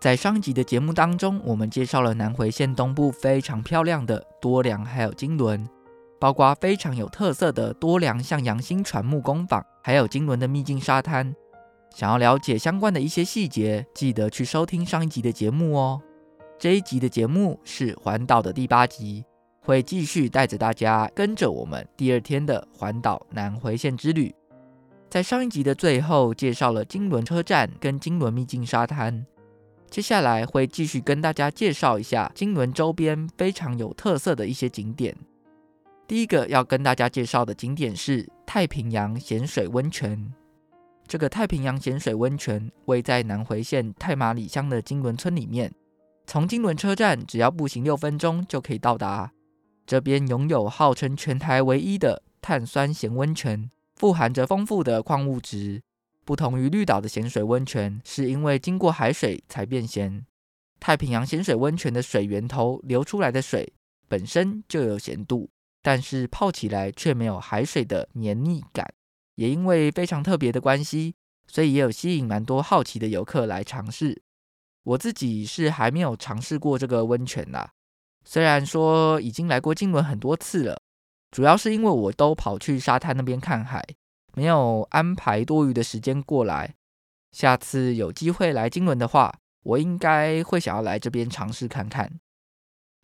在上一集的節目當中，我們介紹了南回線東部非常漂亮的多良，還有金崙，包括非常有特色的多良，向陽新船木工坊，還有金崙的秘境沙灘。想要了解相關的一些細節，記得去收聽上一集的節目哦。這一集的節目是環島的第八集，會繼續帶着大家跟着我們第二天的環島南回線之旅。在上一集的最後，介紹了金崙車站跟金崙秘境沙灘。接下來會繼續跟大家介紹一下金崙周邊非常有特色的一些景點。第一個要跟大家介紹的景點是太平洋鹹水溫泉，這個太平洋鹹水溫泉位在南回縣太麻里鄉的金崙村裡面，從金崙車站只要步行六分鐘就可以到達。這邊擁有號稱全台唯一的碳酸鹹溫泉，富含着豐富的礦物質。不同於綠島的鹹水溫泉，是因為經過海水才變鹹。太平洋鹹水溫泉的水源頭流出來的水本身就有鹹度，但是泡起來卻沒有海水的黏膩感。也因為非常特別的關係，所以也有吸引蠻多好奇的遊客來嘗試。我自己是還沒有嘗試過這個溫泉吶、啊，雖然說已經來過金崙很多次了，主要是因為我都跑去沙灘那邊看海。沒有安排多餘的時間過來，下次有機會來金崙的話，我應該會想要來這邊嘗試看看。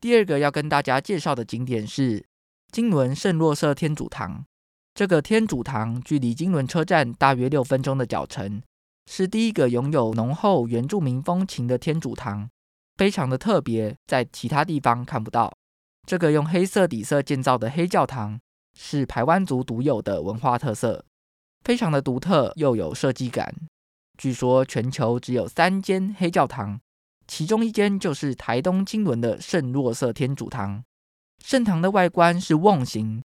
第二個要跟大家介紹的景點是金崙聖若瑟天主堂。這個天主堂距離金崙車站大約六分鐘的腳程，是第一個擁有濃厚原住民風情的天主堂，非常的特別，在其他地方看不到。這個用黑色底色建造的黑教堂，是排灣族獨有的文化特色。非常的獨特又有設計感。據說全球只有三間黑教堂，其中一間就是台東金崙的聖若瑟天主堂。聖堂的外觀是甕形，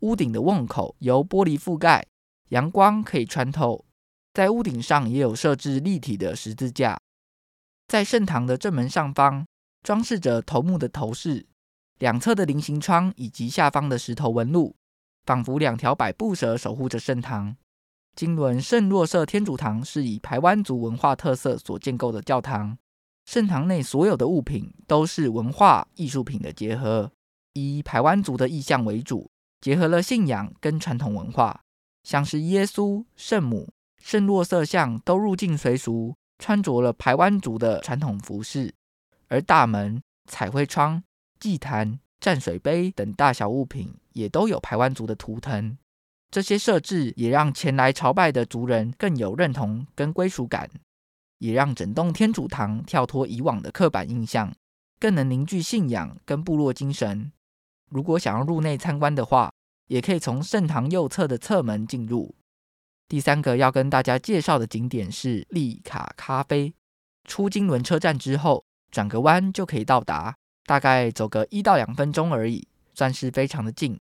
屋頂的甕口由玻璃覆蓋，陽光可以穿透，在屋頂上也有設置立體的十字架。在聖堂的正門上方裝飾着頭目的頭飾，兩側的菱形窗以及下方的石頭紋路，仿佛兩條百步蛇守護着聖堂。金崙聖若瑟天主堂是以排灣族文化特色所建構的教堂。聖堂內所有的物品都是文化藝術品的結合，以排灣族的意象為主，結合了信仰跟傳統文化。像是耶穌、聖母、聖若瑟像都入境隨俗，穿着了排灣族的傳統服飾。而大門、彩繪窗、祭壇、蘸水杯等大小物品，也都有排灣族的圖騰。這些設置也讓前來朝拜的族人更有認同跟歸屬感，也讓整棟天主堂跳脫以往的刻板印象，更能凝聚信仰跟部落精神。如果想要入內參觀的話，也可以從聖堂右側的側門進入。第三個要跟大家介紹的景點是利卡咖啡。出金崙車站之後，轉個彎就可以到達，大概走個一到兩分鐘而已，算是非常的近。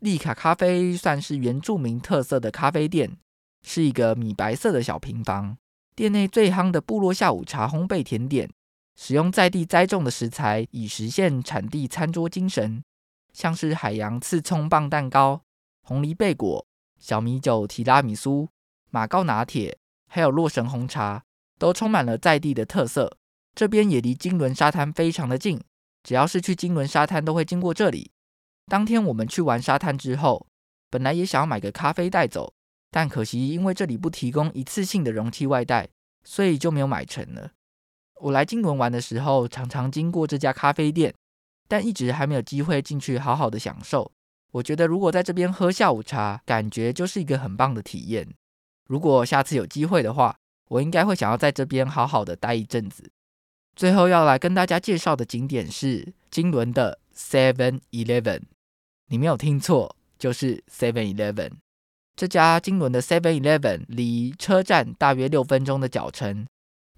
利卡咖啡算是原住民特色的咖啡店，是一個米白色的小平房。店內最夯的部落下午茶烘焙甜點，使用在地栽種的食材，以實現產地餐桌精神。像是海洋刺蔥棒蛋糕、紅藜貝果、小米酒提拉米蘇、馬告拿鐵，還有洛神紅茶，都充滿了在地的特色。這邊也離金崙沙灘非常的近，只要是去金崙沙灘，都會經過這裡。當天我們去完沙灘之後，本來也想要買個咖啡帶走，但可惜因為這裡不提供一次性的容器外帶，所以就沒有買成了。我來金崙玩的時候，常常經過這家咖啡店，但一直還沒有機會進去好好的享受。我覺得如果在這邊喝下午茶，感覺就是一個很棒的體驗。如果下次有機會的話，我應該會想要在這邊好好的待一陣子。最後要來跟大家介紹的景點是金崙的 Seven Eleven。你沒有聽錯，就是 Seven Eleven。這家金崙的 Seven Eleven 離車站大約六分鐘的腳程，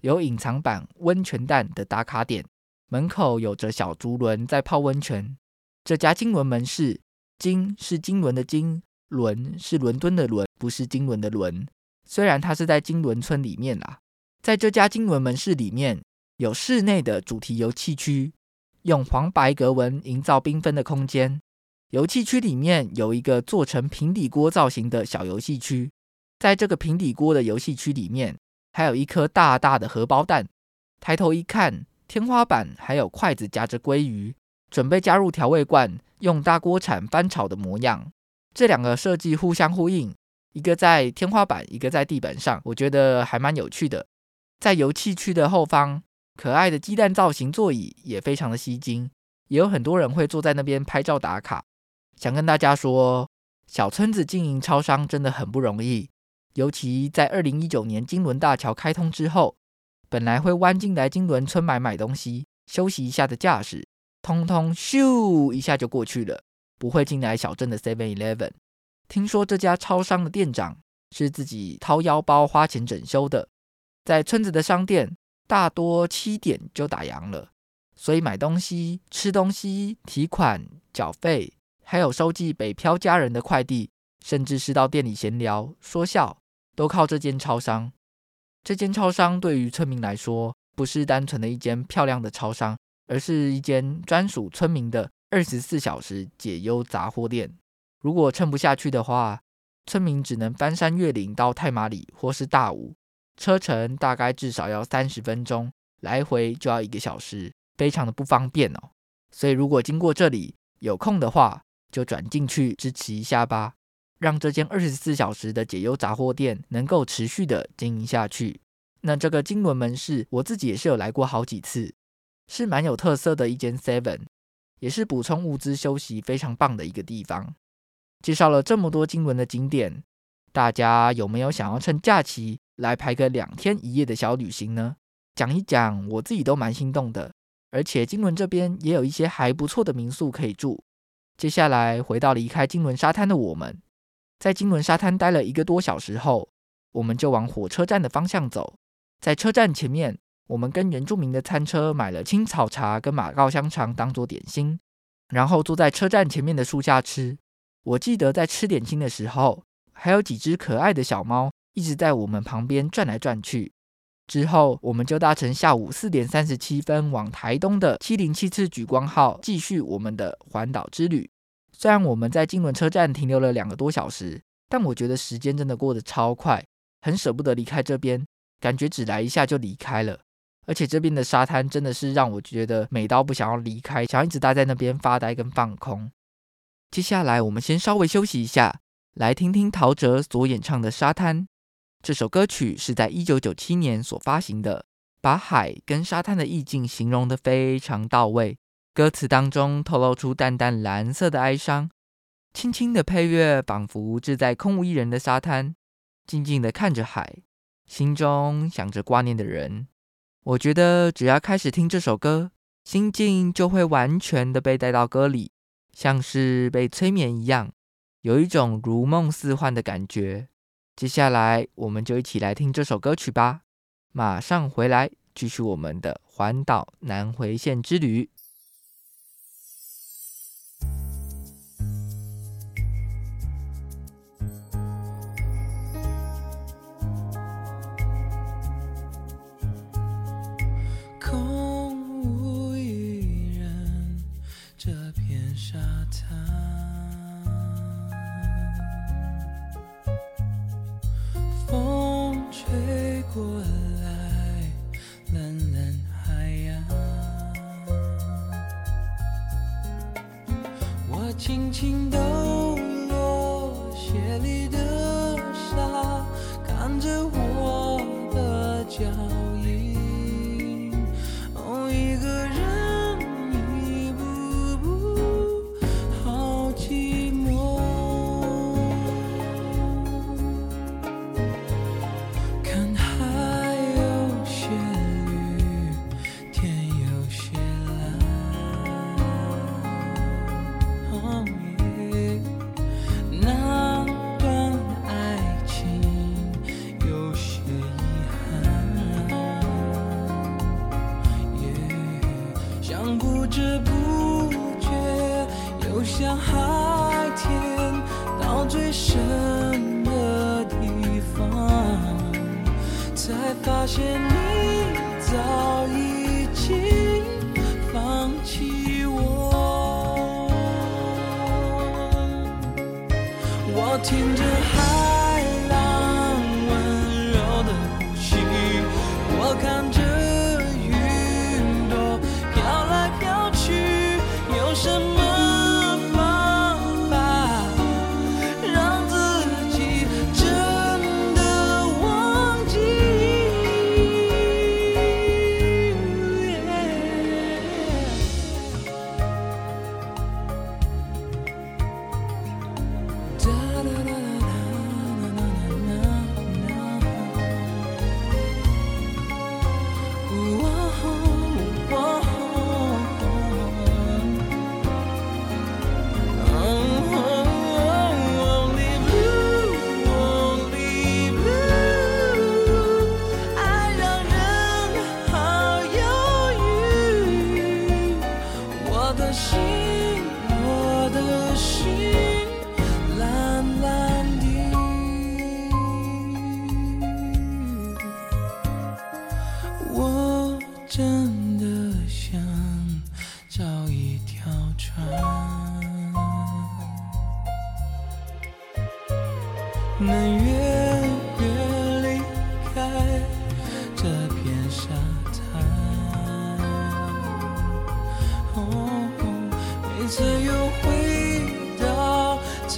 有隱藏版溫泉蛋的打卡點，門口有着小竹輪在泡溫泉。這家金崙門市，金是金崙的金，崙是倫敦的倫，不是金輪的輪。雖然它是在金崙村裡面啦，在這家金崙門市裡面有室內的主題遊戲區，用黃白格紋營造繽紛的空間。遊戲區裡面有一個做成平底鍋造型的小遊戲區，在這個平底鍋的遊戲區裡面，還有一顆大大的荷包蛋。抬頭一看，天花板還有筷子夾着鮭魚，準備加入調味罐，用大鍋鏟翻炒的模樣。這兩個設計互相呼應，一個在天花板，一個在地板上，我覺得還蠻有趣的。在遊戲區的後方，可愛的雞蛋造型座椅也非常的吸睛，也有很多人會坐在那邊拍照打卡。想跟大家說，小村子經營超商真的很不容易。尤其在二零一九年金崙大橋開通之後，本來會彎進來金崙村買買東西、休息一下的駕駛，通通咻一下就過去了。不會進來小鎮的 Seven Eleven。聽說這家超商的店長是自己掏腰包花錢整修的。在村子的商店大多七點就打烊了，所以買東西、吃東西、提款、繳費。還有收寄北漂家人的快遞，甚至是到店裡閒聊說笑，都靠這間超商。這間超商對於村民來說，不是單純的一間漂亮的超商，而是一間專屬村民的二十四小時解憂雜貨店。如果撐不下去的話，村民只能翻山越嶺到太麻里或是大武，車程大概至少要三十分鐘，來回就要一個小時，非常的不方便哦。所以如果經過這裡有空的話，就轉進去支持一下吧，讓這間二十四小時的解憂雜貨店能夠持續的經營下去。那這個金崙門市，我自己也是有來過好幾次，是蠻有特色的一間 Seven，也是補充物資休息非常棒的一個地方。介紹了這麼多金崙的景點，大家有沒有想要趁假期來拍個兩天一夜的小旅行呢？講一講，我自己都蠻心動的，而且金崙這邊也有一些還不錯的民宿可以住。接下來回到離開金崙沙灘的我們，在金崙沙灘待了一個多小時後，我們就往火車站的方向走。在車站前面，我們跟原住民的餐車買了青草茶跟馬告香腸當做點心，然後坐在車站前面的樹下吃。我記得在吃點心的時候，還有幾隻可愛的小貓一直在我們旁邊轉來轉去。之後，我們就搭乘下午四點三十七分往台東的七零七次莒光號，繼續我們的環島之旅。雖然我們在金崙車站停留了兩個多小時，但我覺得時間真的過得超快，很捨不得離開這邊，感覺只來一下就離開了。而且這邊的沙灘真的是讓我覺得美到不想要離開，想要一直待在那邊發呆跟放空。接下來，我們先稍微休息一下，來聽聽陶喆所演唱的《沙灘》。這首歌曲是在一九九七年所發行的，把海跟沙灘的意境形容的非常到位。歌詞當中透露出淡淡藍色的哀傷，輕輕的配樂仿佛置在空無一人的沙灘，靜靜的看着海，心中想着掛念的人。我覺得只要開始聽這首歌，心境就會完全的被帶到歌裡，像是被催眠一樣，有一種如夢似幻的感覺。接下來，我們就一起來聽這首歌曲吧。馬上回來，繼續我們的環島南回線之旅。不知不覺，游向海天，到最深的地方，才發現你早已經放棄我。我聽着。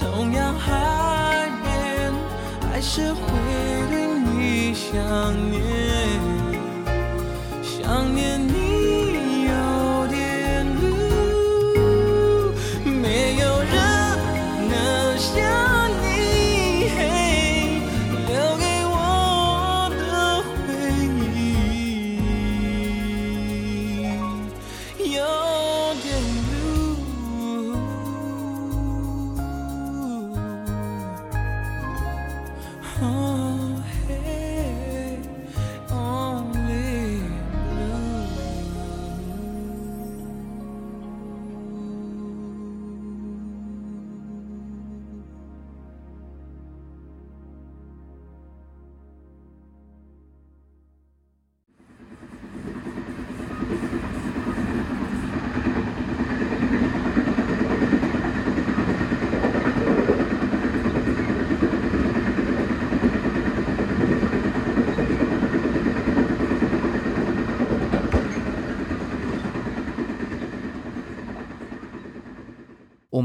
同樣海邊，還是會對你想念，想念你。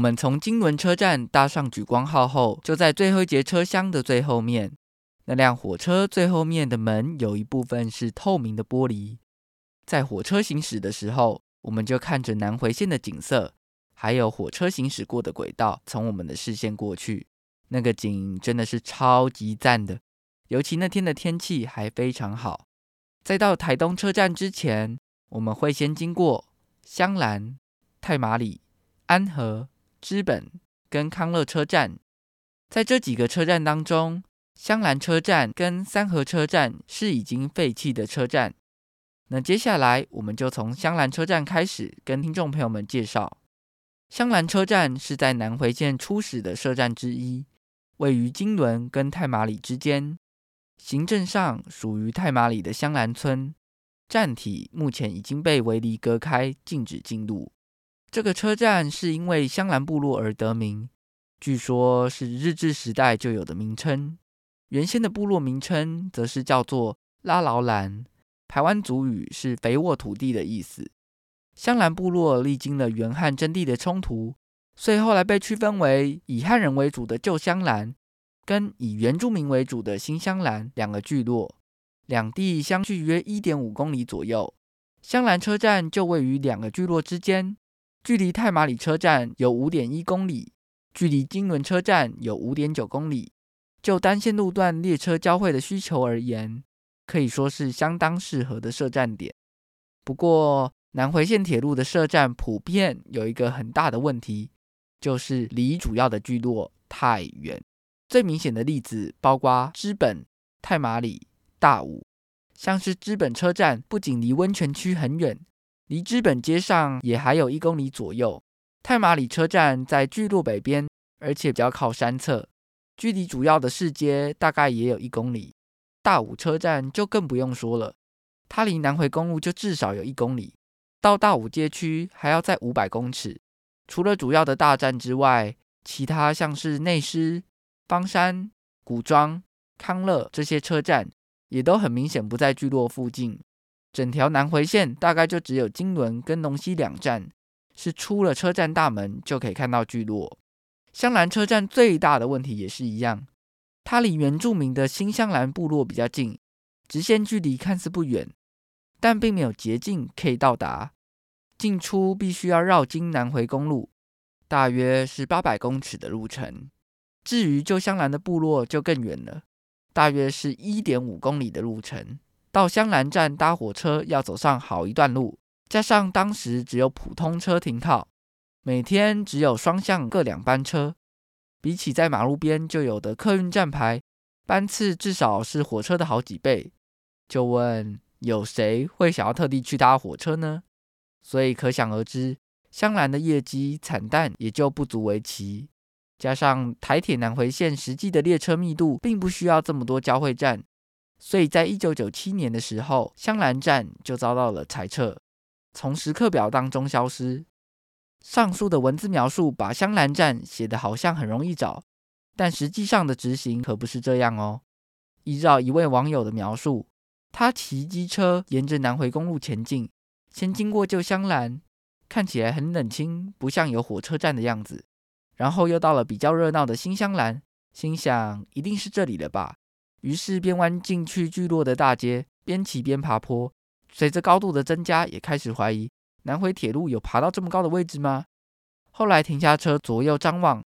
我們從金崙車站搭上莒光號後，就在最後一節車廂的最後面。那輛火車最後面的門有一部分是透明的玻璃，在火車行駛的時候，我們就看着南回線的景色，還有火車行駛過的軌道從我們的視線過去。那個景真的是超級讚的，尤其那天的天氣還非常好。在到台東車站之前，我們會先經過香蘭、太麻里、三和。知本跟康樂車站，在這幾個車站當中，香蘭車站跟三和車站是已經廢棄的車站。那接下來我們就從香蘭車站開始，跟聽眾朋友們介紹。香蘭車站是在南迴線初始的設站之一，位於金崙跟太麻里之間，行政上屬於太麻里的香蘭村。站體目前已經被圍籬隔開，禁止進入。這個車站是因為香蘭部落而得名，據說是日治時代就有的名稱。原先的部落名稱則是叫做拉勞蘭，排灣族語，是肥沃土地的意思。香蘭部落歷經了原漢爭地的衝突，所以後來被區分為以漢人為主的舊香蘭，跟以原住民為主的新香蘭兩個聚落，兩地相距約一點五公里左右。香蘭車站就位於兩個聚落之間。距離太麻里車站有五點一公里，距離金崙車站有五點九公里。就單線路段列車交匯的需求而言，可以說是相當適合的設站點。不過，南回線鐵路的設站普遍有一個很大的問題，就是離主要的聚落太遠。最明顯的例子包括知本、太麻里、大武，像是知本車站不僅離溫泉區很遠。離知本街上也還有一公里左右。太麻里車站在聚落北邊，而且比較靠山側，距離主要的市街大概也有一公里。大武車站就更不用說了，它離南回公路就至少有一公里，到大武街區還要再五百公尺。除了主要的大站之外，其他像是內獅、枋山、古莊、康樂這些車站也都很明顯不在聚落附近。整條南回線大概就只有金崙跟龍溪兩站是出了車站大門就可以看到聚落。香蘭車站最大的問題也是一樣，它離原住民的新香蘭部落比較近，直線距離看似不遠，但並沒有捷徑可以到達，進出必須要繞經南回公路，大約是八百公尺的路程。至於舊香蘭的部落就更遠了，大約是一點五公里的路程。到香蘭站搭火車要走上好一段路，加上當時只有普通車停靠，每天只有雙向各兩班車，比起在馬路邊就有的客運站牌，班次至少是火車的好幾倍。就問有誰會想要特地去搭火車呢？所以可想而知，香蘭的業績慘淡也就不足為奇。加上台鐵南回線實際的列車密度並不需要這麼多交會站。所以在一九九七年的時候，香蘭站就遭到了裁撤，從時刻表當中消失。上述的文字描述把香蘭站寫得好像很容易找，但實際上的執行可不是這樣哦。依照一位網友的描述，他騎機車沿着南回公路前進，先經過舊香蘭，看起來很冷清，不像有火車站的樣子；然後又到了比較熱鬧的新香蘭，心想一定是這裡了吧。於是邊彎進去聚落的大街，邊騎邊爬坡。隨着高度的增加，也開始懷疑南回鐵路有爬到這麼高的位置嗎？後來停下車，左右張望，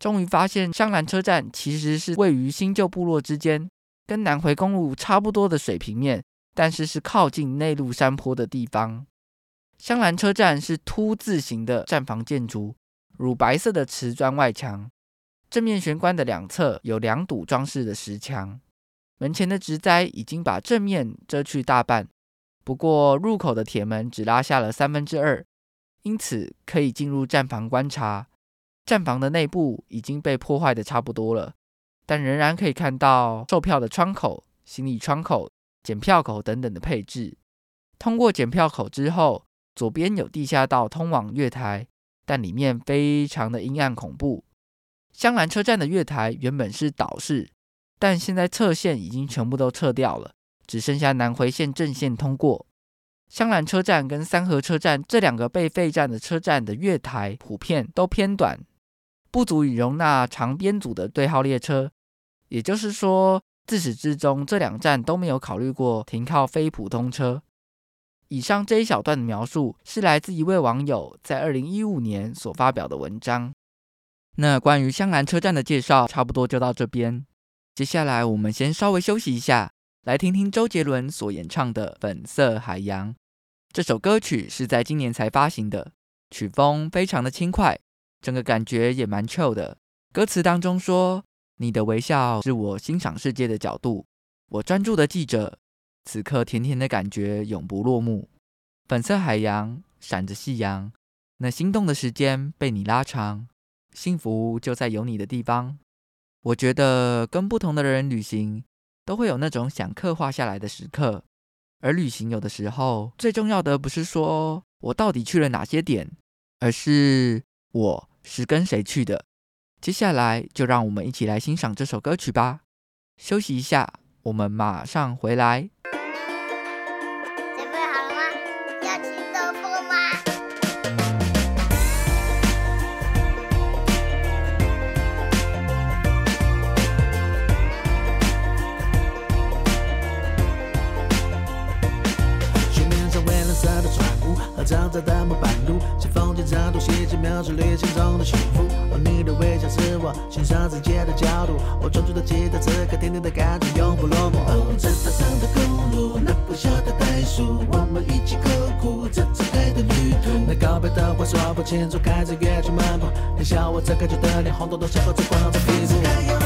終於發現香蘭車站其實是位於新舊部落之間，跟南回公路差不多的水平面，但是是靠近內陸山坡的地方。香蘭車站是凸字形的站房建築，乳白色的瓷磚外牆，正面玄關的兩側有兩堵裝飾的石牆。門前的植栽已經把正面遮去大半，不過入口的鐵門只拉下了三分之二，3, 因此可以進入站房觀察。站房的內部已經被破壞得差不多了，但仍然可以看到售票的窗口、行李窗口、檢票口等等的配置。通過檢票口之後，左邊有地下道通往月台，但裡面非常的陰暗恐怖。香蘭車站的月台原本是島式。但現在側線已經全部都撤掉了，只剩下南回線正線通過。香蘭車站跟三和車站這兩個被廢站的車站的月台普遍都偏短，不足以容納長編組的對號列車。也就是說，自始至終這兩站都沒有考慮過停靠非普通車。以上這一小段的描述是來自一位網友在二零一五年所發表的文章。那關於香蘭車站的介紹，差不多就到這邊。接下來，我們先稍微休息一下，來聽聽周杰倫所演唱的《粉色海洋》這首歌曲，是在今年才發行的，曲風非常的輕快，整個感覺也蠻 chill 的。歌詞當中說：“你的微笑是我欣賞世界的角度，我專注的記着，此刻甜甜的感覺永不落幕。粉色海洋閃着夕陽，那心動的時間被你拉長，幸福就在有你的地方。”我覺得跟不同的人旅行都會有那種想刻畫下來的時刻，而旅行有的時候最重要的不是說我到底去了哪些點，而是我是跟誰去的。接下來就讓我們一起來欣賞這首歌曲吧。休息一下，我們馬上回來。長長的木板路，像風景插圖，細緻描述旅行中的幸福。哦，你的微笑是我欣賞世界的角度。我、哦、專注的記得此刻甜甜的感覺永不落幕。哦，這島上的公路，oh, 那不笑的袋鼠，我們一起刻苦，這次愛的旅途。那告白的話說不清楚，開着月球漫步。Oh, 你笑我這害、個、羞的臉，紅彤彤像猴子光着屁股。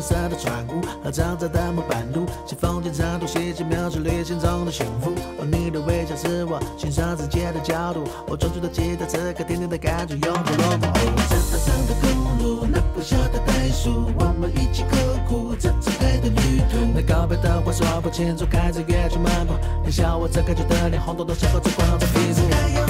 藍色的船屋和長長的木板路，像風景插圖，細細描述旅行中的幸福。哦，你的微笑是我欣賞世界的角度，我專注的記着此刻甜甜的感覺永不落幕。這島上的公路，那不笑的袋鼠，我們一起刻苦，這次愛的旅途。那告別的話說不清楚，開着月球漫步。你笑我這害羞的臉紅彤彤，像猴子光着屁股。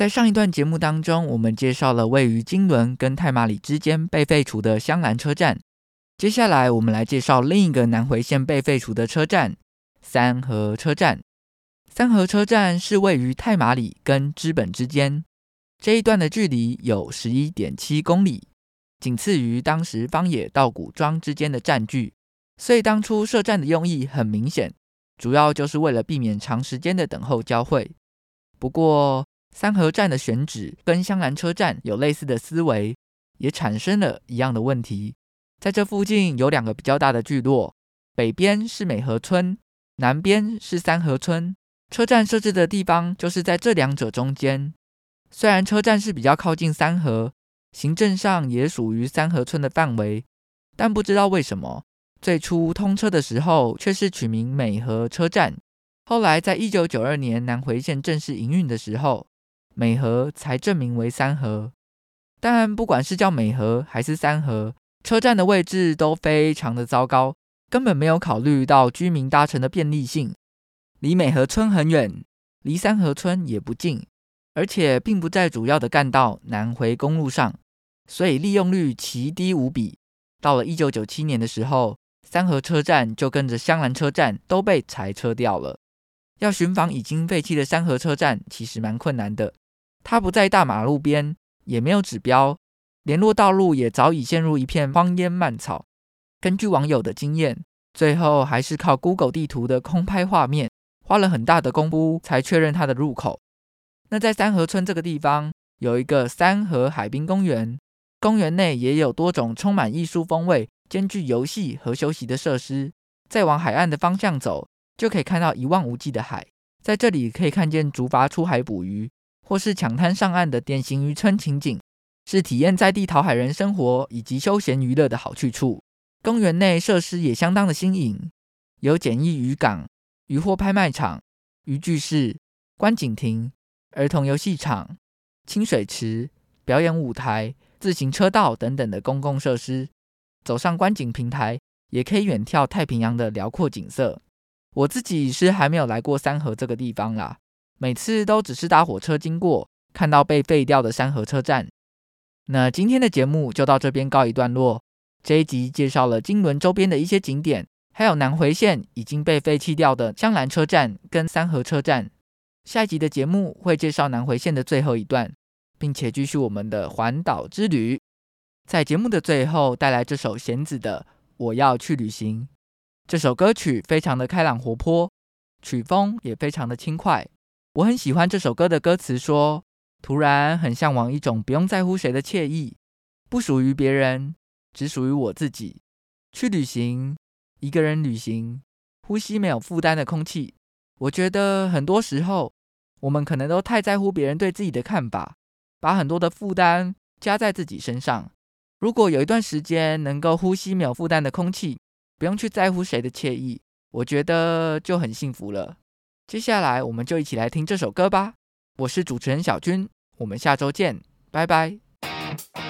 在上一段節目當中，我們介紹了位於金崙跟太麻里之間被廢除的香蘭車站。接下來，我們來介紹另一個南迴線被廢除的車站——三和車站。三和車站是位於太麻里跟知本之間，這一段的距離有十一點七公里，僅次於當時枋野到古莊之間的站距。所以，當初設站的用意很明顯，主要就是為了避免長時間的等候交會。不過，三和站的選址跟香蘭車站有類似的思維，也產生了一樣的問題。在這附近有兩個比較大的聚落，北邊是美和村，南邊是三和村。車站設置的地方就是在這兩者中間。雖然車站是比較靠近三和，行政上也屬於三和村的範圍，但不知道為什麼，最初通車的時候卻是取名美和車站。後來在一九九二年南回線正式營運的時候，美和才正名為三和，但不管是叫美和還是三和，車站的位置都非常的糟糕，根本沒有考慮到居民搭乘的便利性。離美和村很遠，離三和村也不近，而且並不在主要的幹道南回公路上，所以利用率奇低無比。到了一九九七年的時候，三和車站就跟着香蘭車站都被裁撤掉了。要尋訪已經廢棄的三和車站，其實蠻困難的。它不在大馬路邊，也沒有指標，聯絡道路也早已陷入一片荒煙蔓草。根據網友的經驗，最後還是靠 Google 地圖的空拍畫面，花了很大的功夫才確認它的入口。那在三和村這個地方，有一個三和海濱公園，公園內也有多種充滿藝術風味、兼具遊戲和休息的設施。再往海岸的方向走，就可以看到一望無際的海，在這裡可以看見竹筏出海捕魚。或是搶灘上岸的典型漁村情景，是體驗在地桃海人生活以及休閒娛樂的好去處。公園內設施也相當的新穎，有簡易漁港、漁獲拍賣場、漁具室、觀景亭、兒童遊戲場、清水池、表演舞台、自行車道等等的公共設施。走上觀景平台，也可以遠眺太平洋的遼闊景色。我自己是還沒有來過三和這個地方啦、啊。每次都只是搭火車經過，看到被廢掉的三和車站。那今天的節目就到這邊告一段落。這一集介紹了金崙周邊的一些景點，還有南回線已經被廢棄掉的香蘭車站跟三和車站。下一集的節目會介紹南回線的最後一段，並且繼續我們的環島之旅。在節目的最後，帶來這首弦子的《我要去旅行》。這首歌曲非常的開朗活潑，曲風也非常的輕快。我很喜歡這首歌的歌詞，說：“突然很向往一種不用在乎誰的愜意，不屬於別人，只屬於我自己。去旅行，一個人旅行，呼吸沒有負擔的空氣。”我覺得很多時候，我們可能都太在乎別人對自己的看法，把很多的負擔加在自己身上。如果有一段時間能夠呼吸沒有負擔的空氣，不用去在乎誰的愜意，我覺得就很幸福了。接下來我們就一起來聽這首歌吧。我是主持人小鈞，我們下週見，拜拜。